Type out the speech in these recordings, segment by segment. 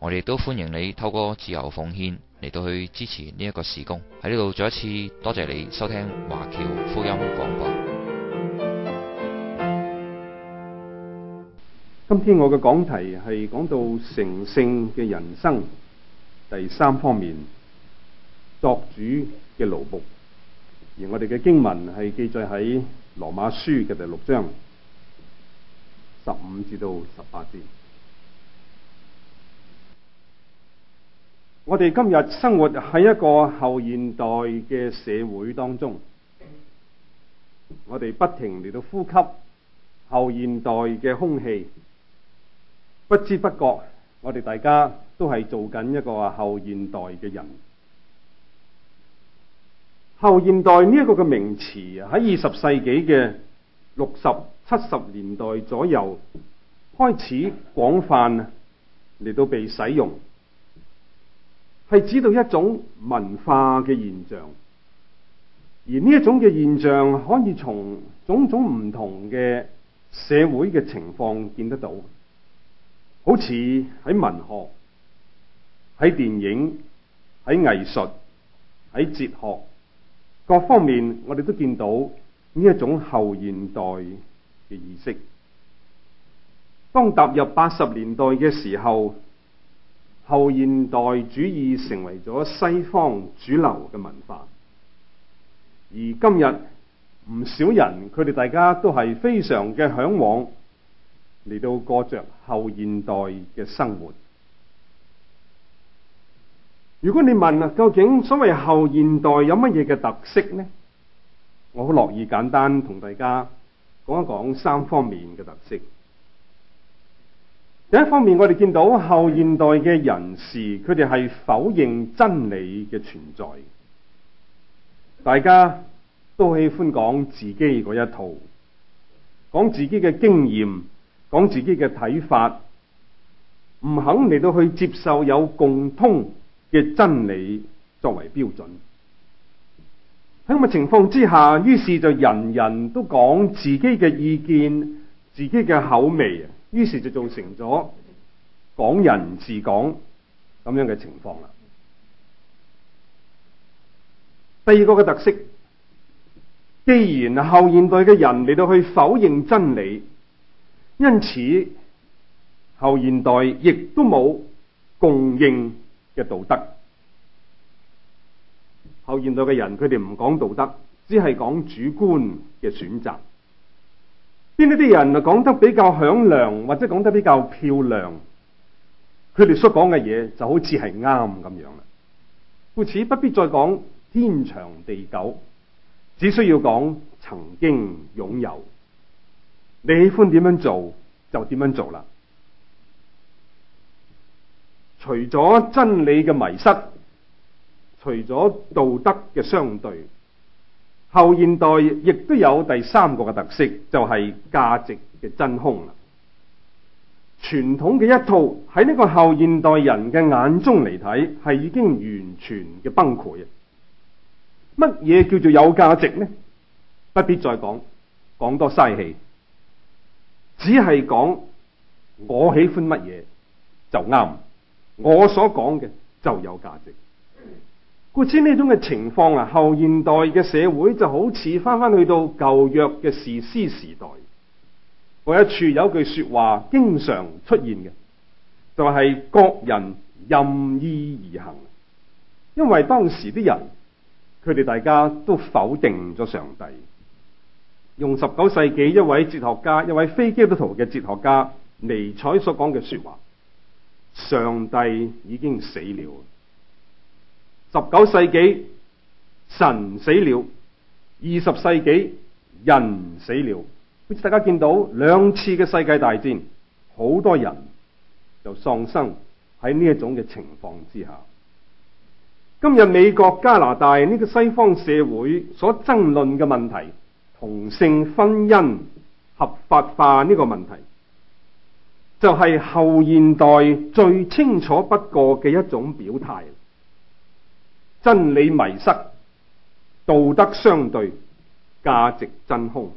我哋都歡迎你透過自由奉獻嚟到去支持呢一個事工。喺呢度再一次多謝你收聽華僑福音廣播。今天我嘅講題係講到成聖嘅人生第三方面，作主嘅奴僕。而我哋嘅經文係記載喺羅馬書嘅第六章十五至到十八節。我哋今日生活喺一個後現代嘅社會當中，我哋不停嚟到呼吸後現代嘅空氣，不知不覺，我哋大家都係做緊一個後現代嘅人。後現代呢一個嘅名詞喺二十世紀嘅六十七十年代左右開始廣泛嚟到被使用。係指到一種文化嘅現象，而呢一種嘅現象可以從種種唔同嘅社會嘅情況見得到。好似喺文學、喺電影、喺藝術、喺哲學各方面，我哋都見到呢一種後現代嘅意識。當踏入八十年代嘅時候，後現代主義成為咗西方主流嘅文化，而今日唔少人，佢哋大家都係非常嘅嚮往嚟到過着後現代嘅生活。如果你問啊，究竟所謂後現代有乜嘢嘅特色呢？我好樂意簡單同大家講一講三方面嘅特色。第一方面，我哋見到後現代嘅人士，佢哋係否認真理嘅存在。大家都喜歡講自己嗰一套，講自己嘅經驗，講自己嘅睇法，唔肯嚟到去接受有共通嘅真理作為標準。喺咁嘅情況之下，於是就人人都講自己嘅意見，自己嘅口味。於是就造成咗港人治港咁樣嘅情況啦。第二個嘅特色，既然後現代嘅人嚟到去否認真理，因此後現代亦都冇共認嘅道德。後現代嘅人佢哋唔講道德，只係講主觀嘅選擇。邊一啲人啊，講得比較響亮，或者講得比較漂亮，佢哋所講嘅嘢就好似係啱咁樣啦。故此不必再講天長地久，只需要講曾經擁有。你喜歡點樣做就點樣做啦。除咗真理嘅迷失，除咗道德嘅相對。後現代亦都有第三個嘅特色，就係價值嘅真空啦。傳統嘅一套喺呢個後現代人嘅眼中嚟睇，係已經完全嘅崩潰啊！乜嘢叫做有價值呢？不必再講，講多嘥氣。只係講我喜歡乜嘢就啱，我所講嘅就有價值。好似呢種嘅情況啊，後現代嘅社會就好似翻翻去到舊約嘅士師時代。我一處有一句說話經常出現嘅，就係、是、各人任意而行，因為當時啲人，佢哋大家都否定咗上帝。用十九世紀一位哲學家、一位非基督徒嘅哲學家尼采所講嘅說話：上帝已經死了。十九世紀神死了，二十世紀人死了。大家見到兩次嘅世界大戰，好多人就喪生喺呢一種嘅情況之下。今日美國加拿大呢個西方社會所爭論嘅問題，同性婚姻合法化呢個問題，就係後現代最清楚不過嘅一種表態。真理迷失，道德相對，價值真空。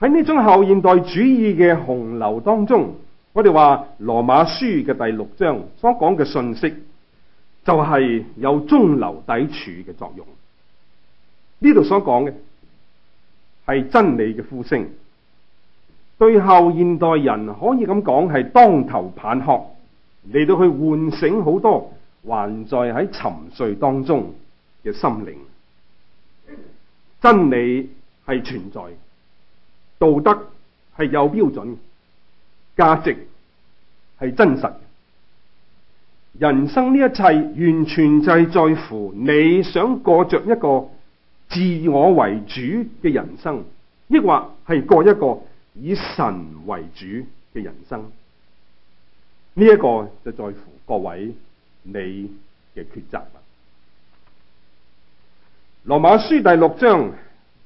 喺呢種後現代主義嘅洪流當中，我哋話《羅馬書》嘅第六章所講嘅信息，就係有中流砥柱嘅作用。呢度所講嘅係真理嘅呼聲，對後現代人可以咁講係當頭棒喝，嚟到去喚醒好多。還在喺沉睡當中嘅心靈，真理係存在，道德係有標準，價值係真實。人生呢一切完全就係在乎你想過着一個自我為主嘅人生，抑或係過一個以神為主嘅人生。呢一個就在乎各位。你嘅抉擇啊，《羅馬書》第六章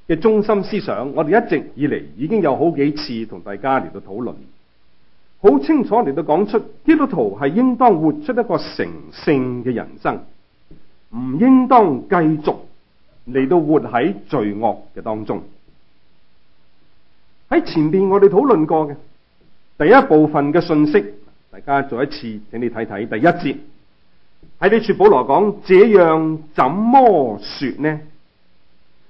嘅中心思想，我哋一直以嚟，已經有好幾次同大家嚟到討論，好清楚嚟到講出基督徒係應當活出一個成聖嘅人生，唔應當繼續嚟到活喺罪惡嘅當中。喺前面我哋討論過嘅第一部分嘅信息，大家做一次，請你睇睇第一節。喺呢處保羅講，這樣怎麼說呢？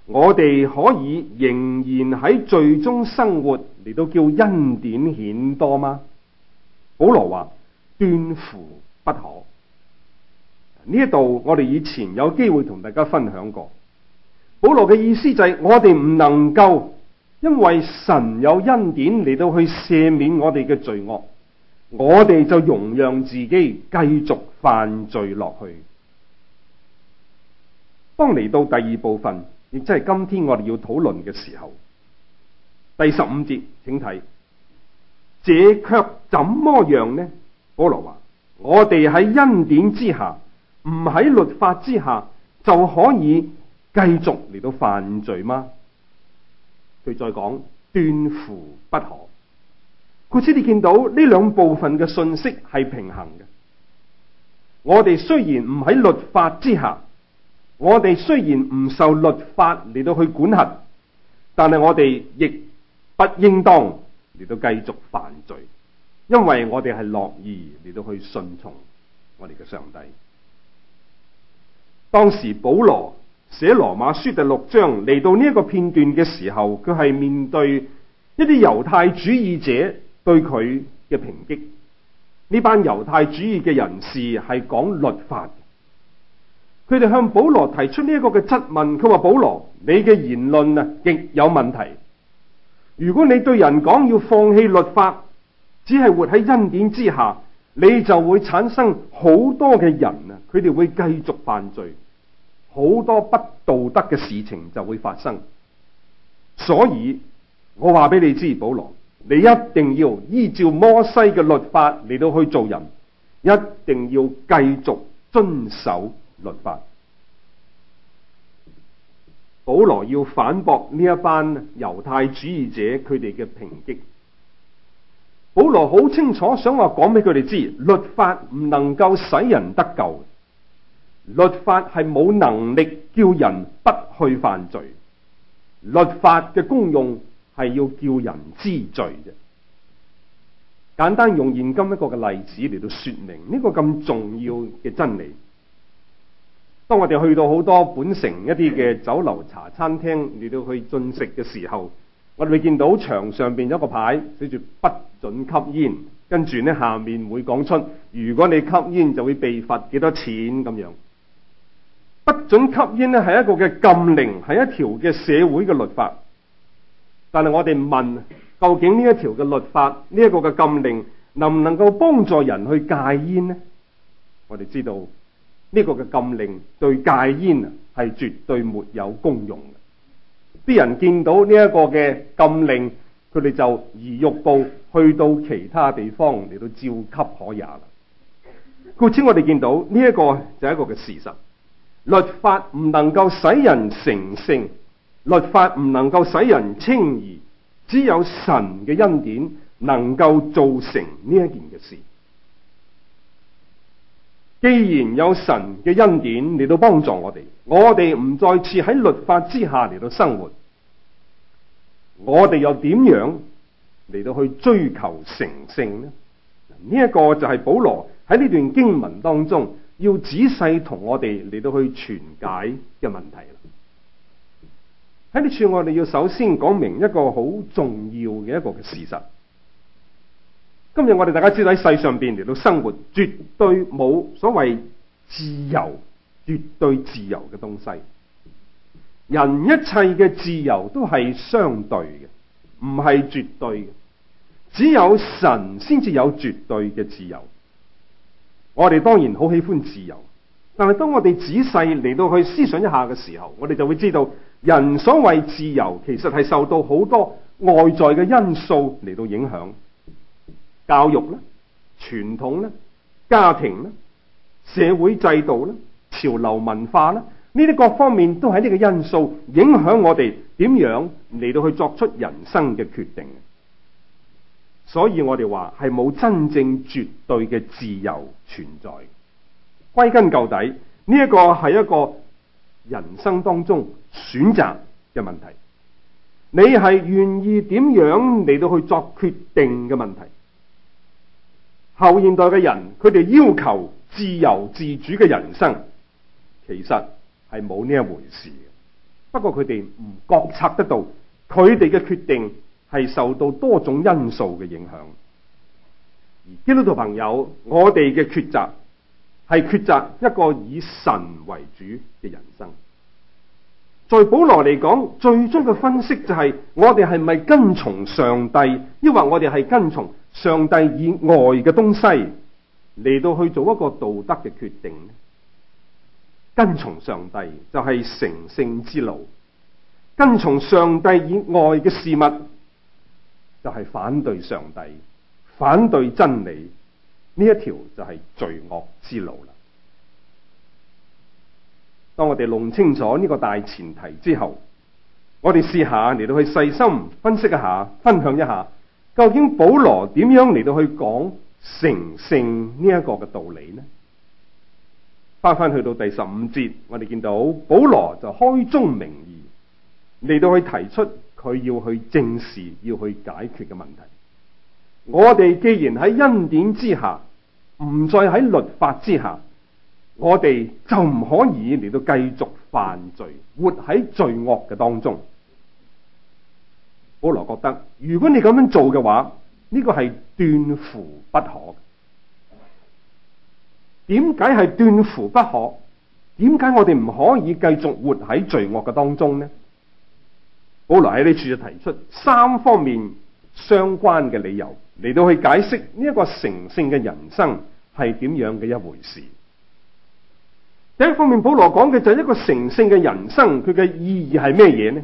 我哋可以仍然喺罪中生活嚟到叫恩典顯多嗎？保羅話：斷乎不可。呢一度我哋以前有機會同大家分享過。保羅嘅意思就係我哋唔能夠因為神有恩典嚟到去赦免我哋嘅罪惡。我哋就容讓自己繼續犯罪落去。當嚟到第二部分，亦即係今天我哋要討論嘅時候，第十五節，請睇，這卻怎麼樣呢？保羅話：我哋喺恩典之下，唔喺律法之下，就可以繼續嚟到犯罪嗎？佢再講：斷乎不可。故此你見到呢兩部分嘅信息係平衡嘅。我哋雖然唔喺律法之下，我哋雖然唔受律法嚟到去管轄，但係我哋亦不應當嚟到繼續犯罪，因為我哋係樂意嚟到去順從我哋嘅上帝。當時保羅寫羅馬書第六章嚟到呢一個片段嘅時候，佢係面對一啲猶太主義者。對佢嘅抨擊，呢班猶太主義嘅人士係講律法嘅，佢哋向保羅提出呢一個嘅質問，佢話保羅，你嘅言論啊，極有問題。如果你對人講要放棄律法，只係活喺恩典之下，你就會產生好多嘅人啊，佢哋會繼續犯罪，好多不道德嘅事情就會發生。所以我話俾你知，保羅。你一定要依照摩西嘅律法嚟到去做人，一定要繼續遵守律法。保羅要反駁呢一班猶太主義者佢哋嘅抨擊。保羅好清楚想話講俾佢哋知，律法唔能夠使人得救，律法係冇能力叫人不去犯罪，律法嘅功用，係要叫人知罪嘅。簡單用現今一個嘅例子，嚟到說明呢個咁重要嘅真理。當我哋去到好多本城一啲嘅酒樓、茶餐廳，嚟到去進食嘅時候，我哋會見到牆上邊有一個牌寫住不准吸煙，跟住呢下面會講出，如果你吸煙就會被罰幾多錢咁樣。不准吸煙呢係一個嘅禁令，係一條嘅社會嘅律法。但係我哋問，究竟呢一條嘅律法，呢一個嘅禁令，能唔能夠幫助人去戒煙呢？我哋知道呢個嘅禁令對戒煙係絕對沒有功用嘅。啲人見到呢一個嘅禁令，佢哋就移玉步去到其他地方嚟到照吸可也啦。故此我哋見到呢一個就係一個嘅事實，律法唔能夠使人成聖。律法唔能夠使人稱義，只有神嘅恩典能夠做成呢一件嘅事。既然有神嘅恩典嚟到幫助我哋，我哋唔再次喺律法之下嚟到生活，我哋又點樣嚟到去追求成聖呢？呢、這、一個就係保羅喺呢段經文當中要仔細同我哋嚟到去傳解嘅問題。喺呢處，我哋要首先講明一個好重要嘅一個嘅事實。今日我哋大家知道喺世上面嚟到生活，絕對冇所謂自由，絕對自由嘅東西。人一切嘅自由都係相對嘅，唔係絕對嘅。只有神先至有絕對嘅自由。我哋當然好喜歡自由，但係當我哋仔細嚟到去思想一下嘅時候，我哋就會知道。人所謂自由，其實係受到好多外在嘅因素嚟到影響。教育咧、傳統咧、家庭咧、社會制度咧、潮流文化咧，呢啲各方面都係呢個因素影響我哋點樣嚟到去作出人生嘅決定。所以我哋話係冇真正絕對嘅自由存在。歸根究底，呢一個係一個。人生當中選擇嘅問題，你係願意點樣嚟到去作決定嘅問題？後現代嘅人，佢哋要求自由自主嘅人生，其實係冇呢一回事嘅。不過佢哋唔覺察得到，佢哋嘅決定係受到多種因素嘅影響。而基督徒朋友，我哋嘅抉擇。係抉擇一個以神為主嘅人生，在保羅嚟講，最終嘅分析就係我哋係咪跟從上帝，抑或我哋係跟從上帝以外嘅東西嚟到去做一個道德嘅決定呢？跟從上帝就係成聖之路，跟從上帝以外嘅事物就係反對上帝、反對真理。呢一條就係罪惡之路啦。當我哋弄清楚呢個大前提之後，我哋試下嚟到去細心分析一下，分享一下，究竟保羅點樣嚟到去講成聖呢一個嘅道理呢？翻翻去到第十五節，我哋見到保羅就開宗明義嚟到去提出佢要去正視、要去解決嘅問題。我哋既然喺恩典之下，唔再喺律法之下，我哋就唔可以嚟到繼續犯罪，活喺罪惡嘅當中。保羅覺得，如果你咁樣做嘅話，呢、這個係斷，斷乎不可。點解係斷乎不可？點解我哋唔可以繼續活喺罪惡嘅當中呢？保羅喺呢處就提出三方面相關嘅理由。嚟到去解釋呢一個成聖嘅人生係點樣嘅一回事。第一方面，保羅講嘅就係一個成聖嘅人生，佢嘅意義係咩嘢呢？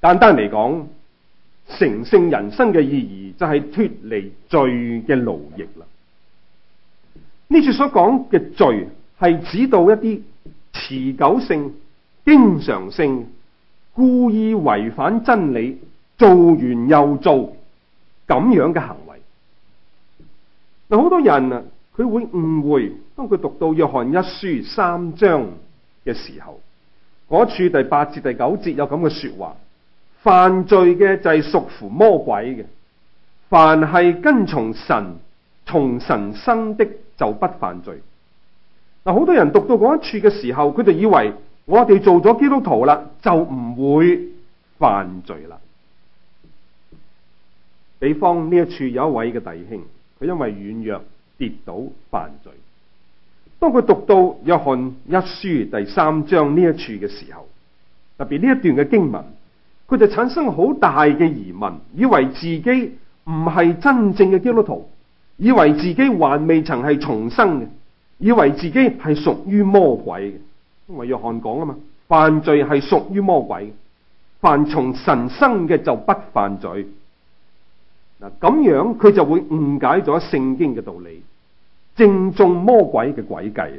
簡單嚟講，成聖人生嘅意義就係脫離罪嘅奴役啦。呢次所講嘅罪係指到一啲持久性、經常性、故意違反真理、做完又做。咁樣嘅行為，嗱，好多人啊，佢會誤會。當佢讀到約翰一書三章嘅時候，嗰處第八節、第九節有咁嘅說話：犯罪嘅就係屬乎魔鬼嘅；凡係跟從神、從神生的，就不犯罪。嗱，好多人讀到嗰一處嘅時候，佢就以為我哋做咗基督徒啦，就唔會犯罪啦。比方呢一處有一位嘅弟兄，佢因為軟弱跌倒犯罪。當佢讀到約翰一書第三章呢一處嘅時候，特別呢一段嘅經文，佢就產生好大嘅疑問，以為自己唔係真正嘅基督徒，以為自己還未曾係重生嘅，以為自己係屬於魔鬼嘅。因為約翰講啊嘛，犯罪係屬於魔鬼，凡從神生嘅就不犯罪。嗱，咁樣佢就會誤解咗聖經嘅道理，正中魔鬼嘅詭計。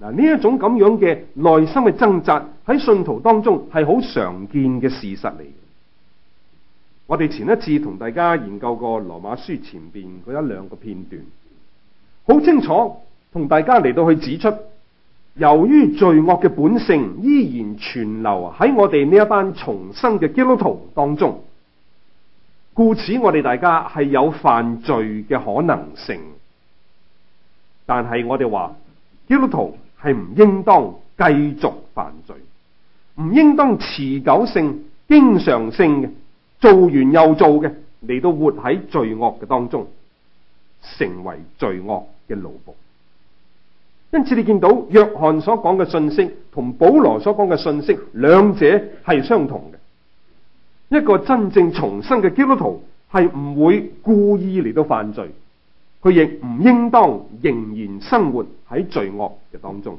嗱，呢一種咁樣嘅內心嘅掙扎喺信徒當中係好常見嘅事實嚟。我哋前一次同大家研究過羅馬書前邊嗰一兩個片段，好清楚同大家嚟到去指出，由於罪惡嘅本性依然存留喺我哋呢一班重生嘅基督徒當中。故此，我哋大家係有犯罪嘅可能性，但係我哋話基督徒係唔應當繼續犯罪，唔應當持久性、經常性嘅做完又做嘅嚟到活喺罪惡嘅當中，成為罪惡嘅奴僕。因此，你見到約翰所講嘅信息同保羅所講嘅信息，兩者係相同嘅。一個真正重生嘅基督徒係唔會故意嚟到犯罪，佢亦唔應當仍然生活喺罪惡嘅當中。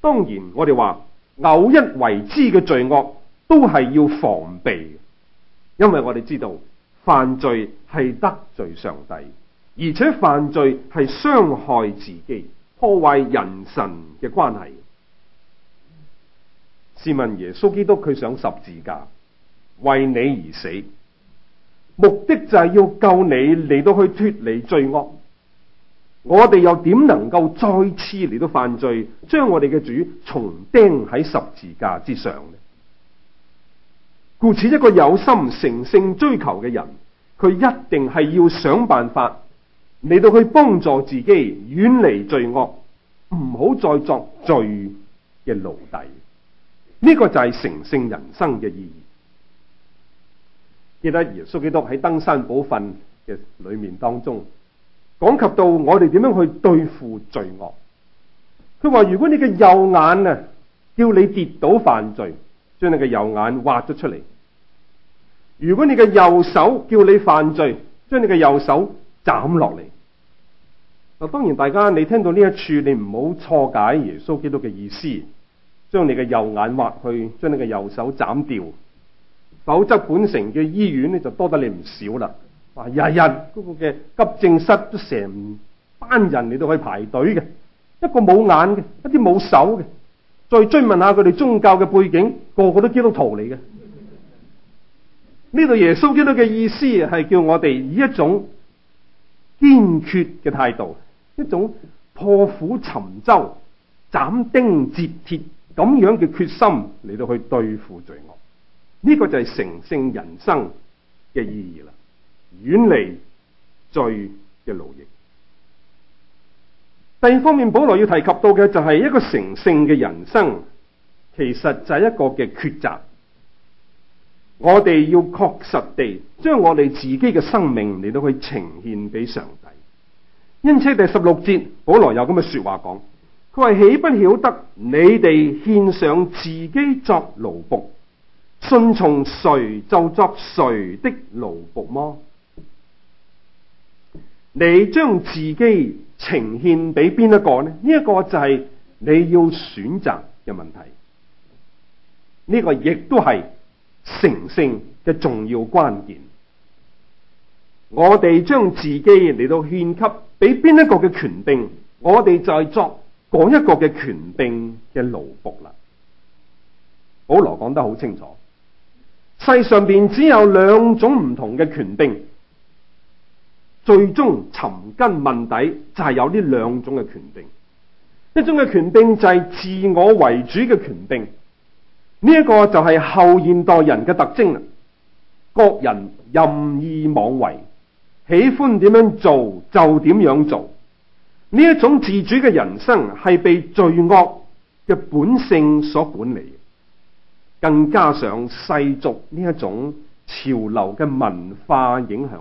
當然我，我哋話偶一為之嘅罪惡都係要防備，因為我哋知道犯罪係得罪上帝，而且犯罪係傷害自己、破壞人神嘅關係。試問耶穌基督，佢想十字架？為你而死，目的就係要救你，嚟到去脫離罪惡。我哋又點能夠再次嚟到犯罪，將我哋嘅主重釘喺十字架之上呢？故此，一個有心成聖追求嘅人，佢一定係要想辦法嚟到去幫助自己，遠離罪惡，唔好再作罪嘅奴隸。呢、這個就係成聖人生嘅意義。記得耶穌基督喺登山寶訓嘅裏面當中，講及到我哋點樣去對付罪惡。佢話：如果你嘅右眼啊，叫你跌倒犯罪，將你嘅右眼挖咗出嚟；如果你嘅右手叫你犯罪，將你嘅右手斬落嚟。嗱，當然大家你聽到呢一處，你唔好錯解耶穌基督嘅意思，將你嘅右眼挖去，將你嘅右手斬掉。.否則本城嘅醫院咧就多得你唔少啦。啊，日日個嘅急症室都成班人，你都可以排隊嘅。一個冇眼嘅，一啲冇手嘅，再追問下佢哋宗教嘅背景，個個都基督徒嚟嘅。呢度 耶穌基督嘅意思係叫我哋以一種堅決嘅態度，一種破釜沉舟、斬釘截鐵咁樣嘅決心嚟到去對付罪。呢個就係成聖人生嘅意義啦，遠離罪嘅奴役。第二方面，保羅要提及到嘅就係一個成聖嘅人生，其實就係一個嘅抉擇。我哋要確實地將我哋自己嘅生命嚟到去呈現俾上帝。因此，第十六節，保羅有咁嘅說話講，佢話豈不曉得你哋獻上自己作奴僕？順從誰就作誰的奴僕麼？你將自己呈獻俾邊一個呢？呢、這、一個就係你要選擇嘅問題。呢、這個亦都係成聖嘅重要關鍵。我哋將自己嚟到獻給俾邊一個嘅權柄，我哋就係作嗰一個嘅權柄嘅奴僕啦。保羅講得好清楚。世上邊只有兩種唔同嘅權柄。最終尋根問底就係有呢兩種嘅權柄。一種嘅權柄就係自我為主嘅權柄。呢一個就係後現代人嘅特徵啦。各人任意妄為，喜歡點樣做就點樣做。呢一種自主嘅人生係被罪惡嘅本性所管理。更加上世俗呢一種潮流嘅文化影響，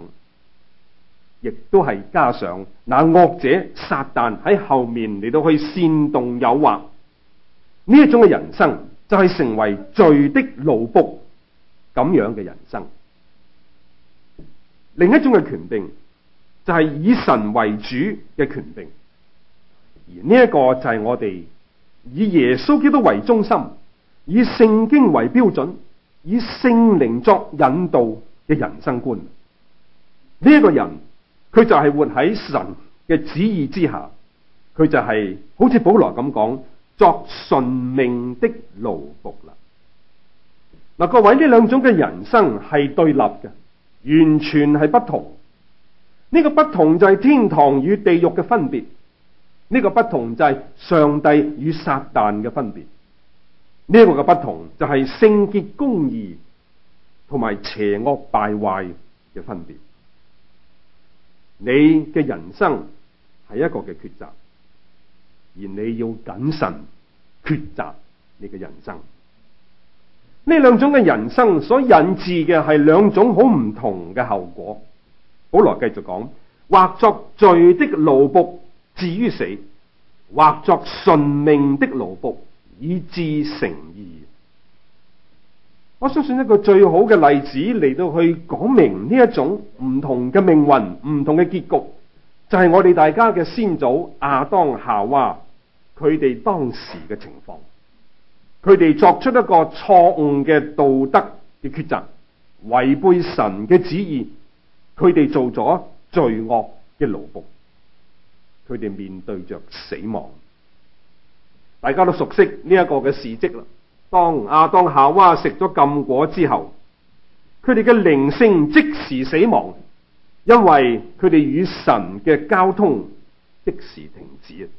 亦都係加上那惡者撒旦喺後面嚟到去煽動誘惑呢一種嘅人生，就係成為罪的奴僕咁樣嘅人生。另一種嘅權柄就係以神為主嘅權柄，而呢一個就係我哋以耶穌基督為中心，以聖經為標準，以聖靈作引導嘅人生觀，呢、這、一個人佢就係活喺神嘅旨意之下，佢就係、是、好似保羅咁講，作順命的奴僕啦。嗱，各位呢兩種嘅人生係對立嘅，完全係不同。呢、這個不同就係天堂與地獄嘅分別，呢、這個不同就係上帝與撒旦嘅分別。呢一個嘅不同就係聖潔公義同埋邪惡敗壞嘅分別。你嘅人生係一個嘅抉擇，而你要謹慎抉擇你嘅人生。呢兩種嘅人生所引致嘅係兩種好唔同嘅後果。好，來繼續講：或作罪的奴僕，至於死；或作順命的奴僕。以至成義。我相信一個最好嘅例子嚟到去講明呢一種唔同嘅命運、唔同嘅結局，就係、是、我哋大家嘅先祖亞當夏娃，佢哋當時嘅情況，佢哋作出一個錯誤嘅道德嘅抉擇，違背神嘅旨意，佢哋做咗罪惡嘅奴僕，佢哋面對着死亡。大家都熟悉呢一個嘅事迹啦。當亞當夏娃食咗禁果之後，佢哋嘅靈性即時死亡，因為佢哋與神嘅交通即時停止。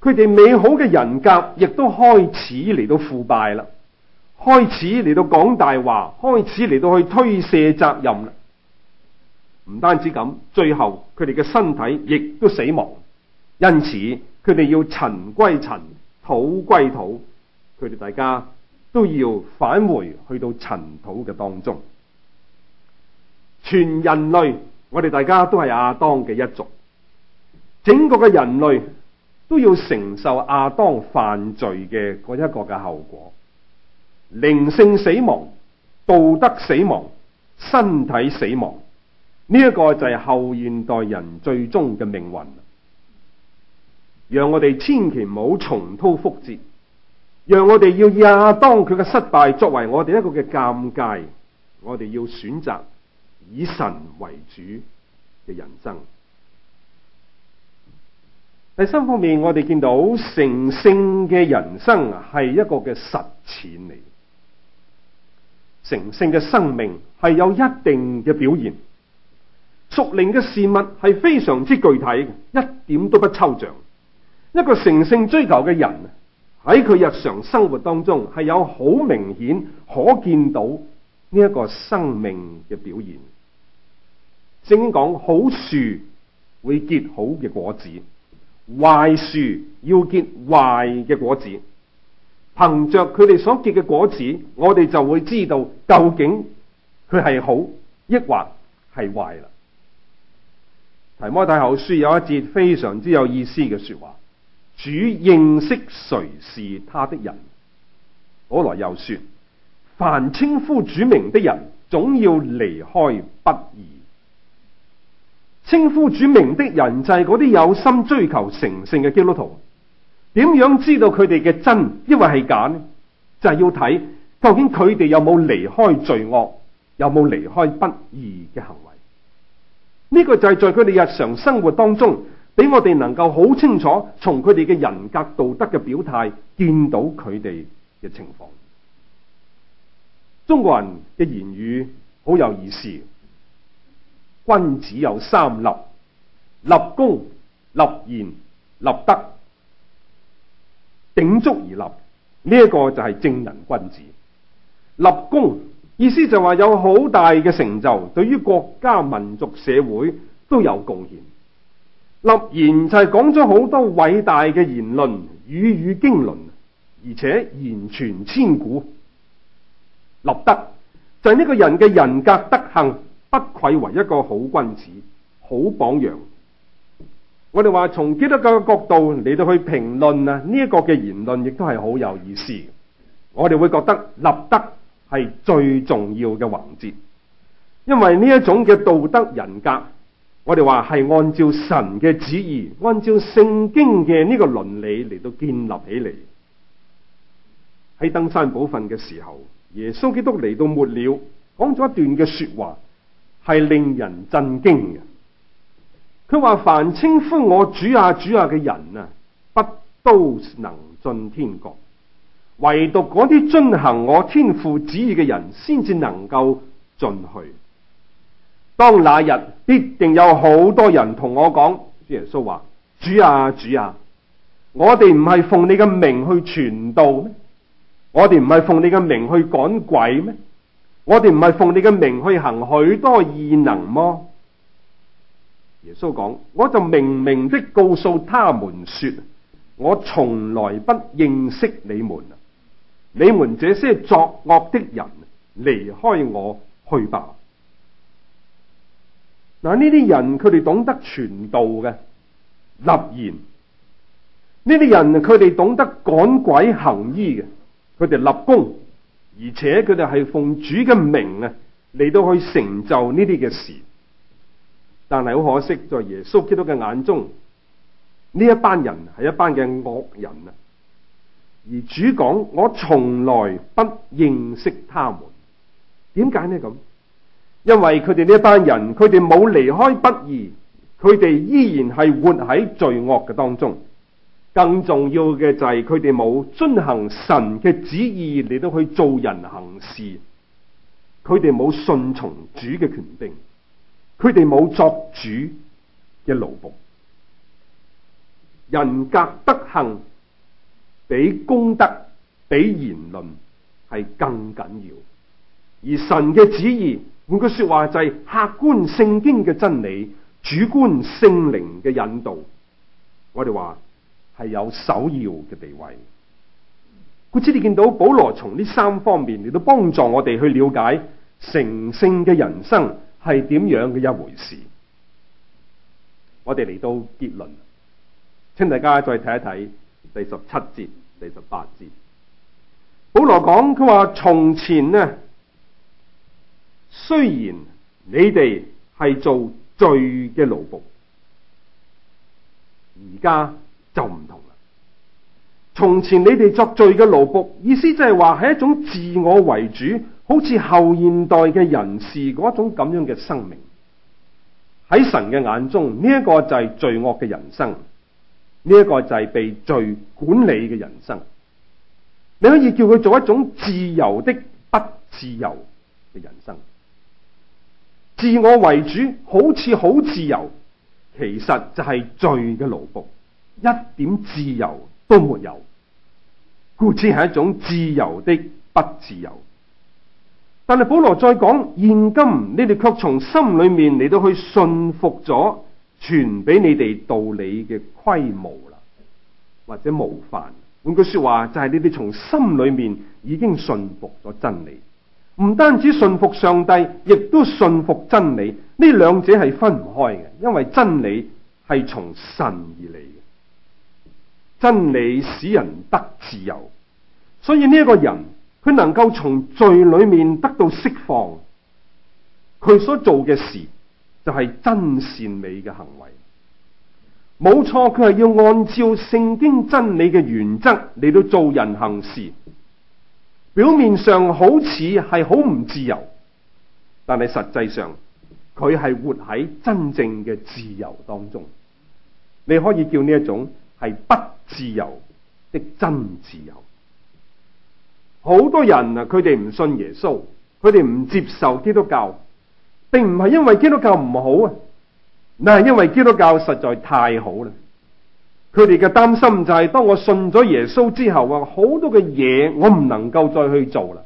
佢哋美好嘅人格亦都開始嚟到腐敗啦，開始嚟到講大話，開始嚟到去推卸責任啦。唔單止咁，最後佢哋嘅身體亦都死亡，因此。佢哋要塵歸塵，土歸土。佢哋大家都要返回去到塵土嘅當中。全人類，我哋大家都係亞當嘅一族，整個嘅人類都要承受亞當犯罪嘅嗰一個嘅後果：靈性死亡、道德死亡、身體死亡。呢一個就係後現代人最終嘅命運。讓我哋千祈唔好重蹈覆轍，讓我哋要以亞當佢嘅失敗作為我哋一個嘅尷尬，我哋要選擇以神為主嘅人生。第三方面，我哋見到成聖嘅人生係一個嘅實踐嚟，成聖嘅生命係有一定嘅表現，屬靈嘅事物係非常之具體嘅，一點都不抽象。一個成聖追求嘅人喺佢日常生活當中係有好明顯可見到呢一個生命嘅表現。正講，好樹會結好嘅果子，壞樹要結壞嘅果子。憑着佢哋所結嘅果子，我哋就會知道究竟佢係好抑或係壞啦。提摩太後書有一節非常之有意思嘅說話。主認識誰是他的人，我來又說：凡稱呼主名的人，總要離開不義。稱呼主名的人，就係嗰啲有心追求成聖嘅基督徒。點樣知道佢哋嘅真，抑或係假呢？就係、是、要睇，究竟佢哋有冇離開罪惡，有冇離開不義嘅行為。呢、這個就係在佢哋日常生活當中。俾我哋能夠好清楚，從佢哋嘅人格道德嘅表態，見到佢哋嘅情況。中國人嘅言語好有意思，君子有三立：立功、立言、立德，鼎足而立。呢一個就係正人君子。立功意思就話有好大嘅成就，對於國家、民族、社會都有貢獻。立言就係講咗好多偉大嘅言論，語語經綸，而且言傳千古。立德就係、是、呢個人嘅人格德行，不愧為一個好君子、好榜樣。我哋話從基督教嘅角度嚟到去評論啊呢一個嘅言論，亦都係好有意思。我哋會覺得立德係最重要嘅環節，因為呢一種嘅道德人格。我哋話係按照神嘅旨意，按照聖經嘅呢個倫理嚟到建立起嚟。喺登山寶訓嘅時候，耶穌基督嚟到末了，講咗一段嘅說話，係令人震驚嘅。佢話：凡稱呼我主啊主啊嘅人啊，不都能進天國，唯獨嗰啲遵行我天父旨意嘅人，先至能夠進去。當那日必定有好多人同我講，耶穌話：主啊主啊，我哋唔係奉你嘅名去傳道咩？我哋唔係奉你嘅名去趕鬼咩？我哋唔係奉你嘅名去行許多異能麼？耶穌講：我就明明的告訴他們說，我從來不認識你們，你們這些作惡的人，離開我去吧。嗱，呢啲人佢哋懂得傳道嘅立言，呢啲人佢哋懂得趕鬼行醫嘅，佢哋立功，而且佢哋係奉主嘅名啊，嚟到去成就呢啲嘅事。但係好可惜，在耶穌基督嘅眼中，呢一班人係一班嘅惡人啊！而主講我從來不認識他們，點解呢？咁？因為佢哋呢一班人，佢哋冇離開不義，佢哋依然係活喺罪惡嘅當中。更重要嘅就係佢哋冇遵行神嘅旨意嚟到去做人行事，佢哋冇順從主嘅權柄，佢哋冇作主嘅奴僕。人格德行比功德、比言論係更緊要，而神嘅旨意。換句說話就係客觀聖經嘅真理，主觀聖靈嘅引導，我哋話係有首要嘅地位。佢知你見到保羅從呢三方面嚟到幫助我哋去了解成聖嘅人生係點樣嘅一回事。我哋嚟到結論，請大家再睇一睇第十七節、第十八節。保羅講，佢話從前呢。雖然你哋係做罪嘅奴僕，而家就唔同啦。從前你哋作罪嘅奴僕，意思即係話，係一種自我為主，好似後現代嘅人士嗰一種咁樣嘅生命。喺神嘅眼中，呢一個就係罪惡嘅人生，呢一個就係被罪管理嘅人生。你可以叫佢做一種自由的不自由嘅人生。自我為主，好似好自由，其實就係罪嘅奴僕，一點自由都沒有。故此係一種自由的不自由。但係保羅再講，現今你哋却從心裏面嚟到去信服咗傳俾你哋道理嘅規模啦，或者模範。換句說話，就係你哋從心裏面已經信服咗真理。唔單止信服上帝，亦都信服真理，呢兩者係分唔開嘅，因為真理係從神而嚟嘅，真理使人得自由。所以呢一個人，佢能夠從罪裏面得到釋放，佢所做嘅事就係真善美嘅行為。冇錯，佢係要按照聖經真理嘅原則嚟到做人行事。表面上好似係好唔自由，但係實際上佢係活喺真正嘅自由當中。你可以叫呢一種係不自由的真自由。好多人啊，佢哋唔信耶穌，佢哋唔接受基督教，並唔係因為基督教唔好啊，嗱，係因為基督教實在太好啦。佢哋嘅擔心就係、是、當我信咗耶穌之後啊，好多嘅嘢我唔能夠再去做啦，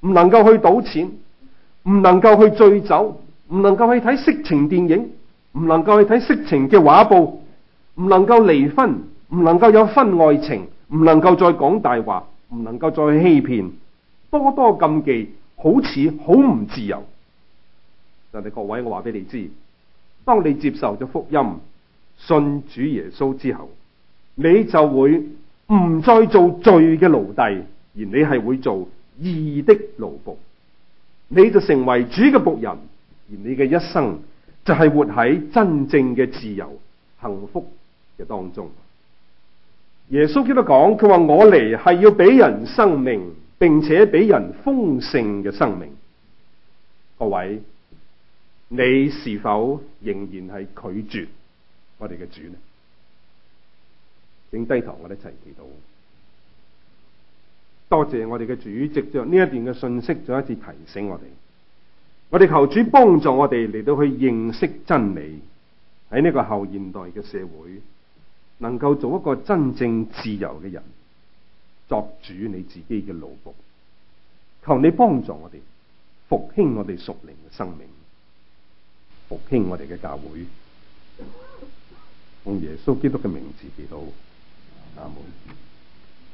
唔能夠去賭錢，唔能夠去醉酒，唔能夠去睇色情電影，唔能夠去睇色情嘅畫報，唔能夠離婚，唔能夠有婚外情，唔能夠再講大話，唔能夠再欺騙，多多禁忌，好似好唔自由。但係各位，我話俾你知，當你接受咗福音。信主耶穌之後，你就會唔再做罪嘅奴隸，而你係會做義的奴僕，你就成為主嘅僕人，而你嘅一生就係活喺真正嘅自由、幸福嘅當中。耶穌基督講，佢話我嚟係要俾人生命，並且俾人豐盛嘅生命。各位，你是否仍然係拒絕？我哋嘅主呢，請低頭，我哋一齊祈禱。多謝我哋嘅主席將呢一段嘅信息，再一次提醒我哋。我哋求主幫助我哋嚟到去認識真理。喺呢個後現代嘅社會，能夠做一個真正自由嘅人，作主你自己嘅奴僕。求你幫助我哋復興我哋屬靈嘅生命，復興我哋嘅教會。奉耶穌基督嘅名字祈禱，阿門。